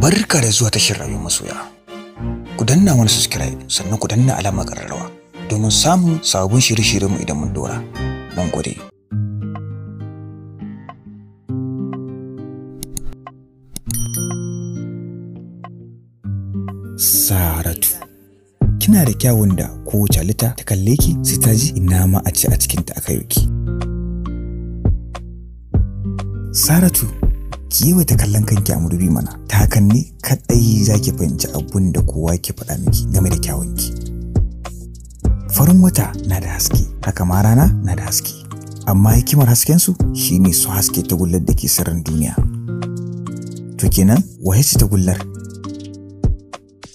barka da zuwa tashin rayuwar masoya ku danna wani subscribe sannan ku danna alamar ƙararrawa, domin samun sabon shirye-shiryen mu idan mun dora mun gode Saratu kina da kyawun da kowace halitta ta kalle ki sai ta ji ina ma a ce a cikin aka yi ki Saratu ki yi kallon kanki a murbi mana ta hakan ne kadai ki fahimci abun da kowa ke faɗa miki game da kyawunki farin wata na da haske haka ma rana na da haske amma hikimar haskensu shine su haske tagullar da ke sirrin duniya to kenan waye ce tagullar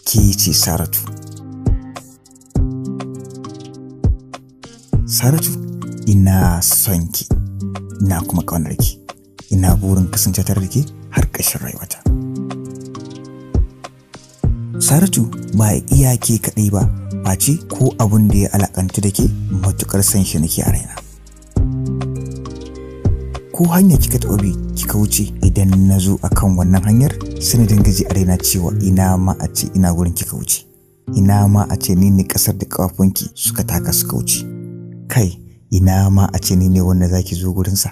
ke ce saratu saratu ina son ki ina kuma ƙaunar ki ina burin kasance tare da ke har ƙarshen rayuwata saratu ba iya ke kaɗai ba face ko abin da ya alaƙanta da ke matuƙar san shi nake a raina ko hanya kika taɓa kika wuce idan na zo kan wannan hanyar sanadin gaji a raina cewa ina ma a ce ina gurin kika wuce ina ma a ce ni ne ƙasar da ƙafafunki suka taka suka wuce kai ina ma a ce ni ne wanda zaki zo gurinsa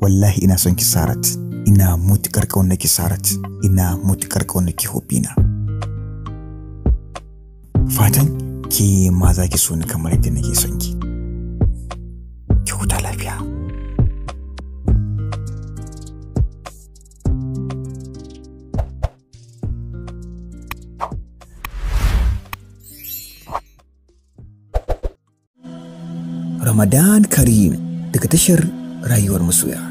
wallahi ina son ki sarat ina mutukar kauna ki sarat ina mutukar kauna ki hobina fatan ki ma za ki so ni kamar yadda nake son ki ki huta lafiya Ramadan Karim daga tashar rayuwar masoya.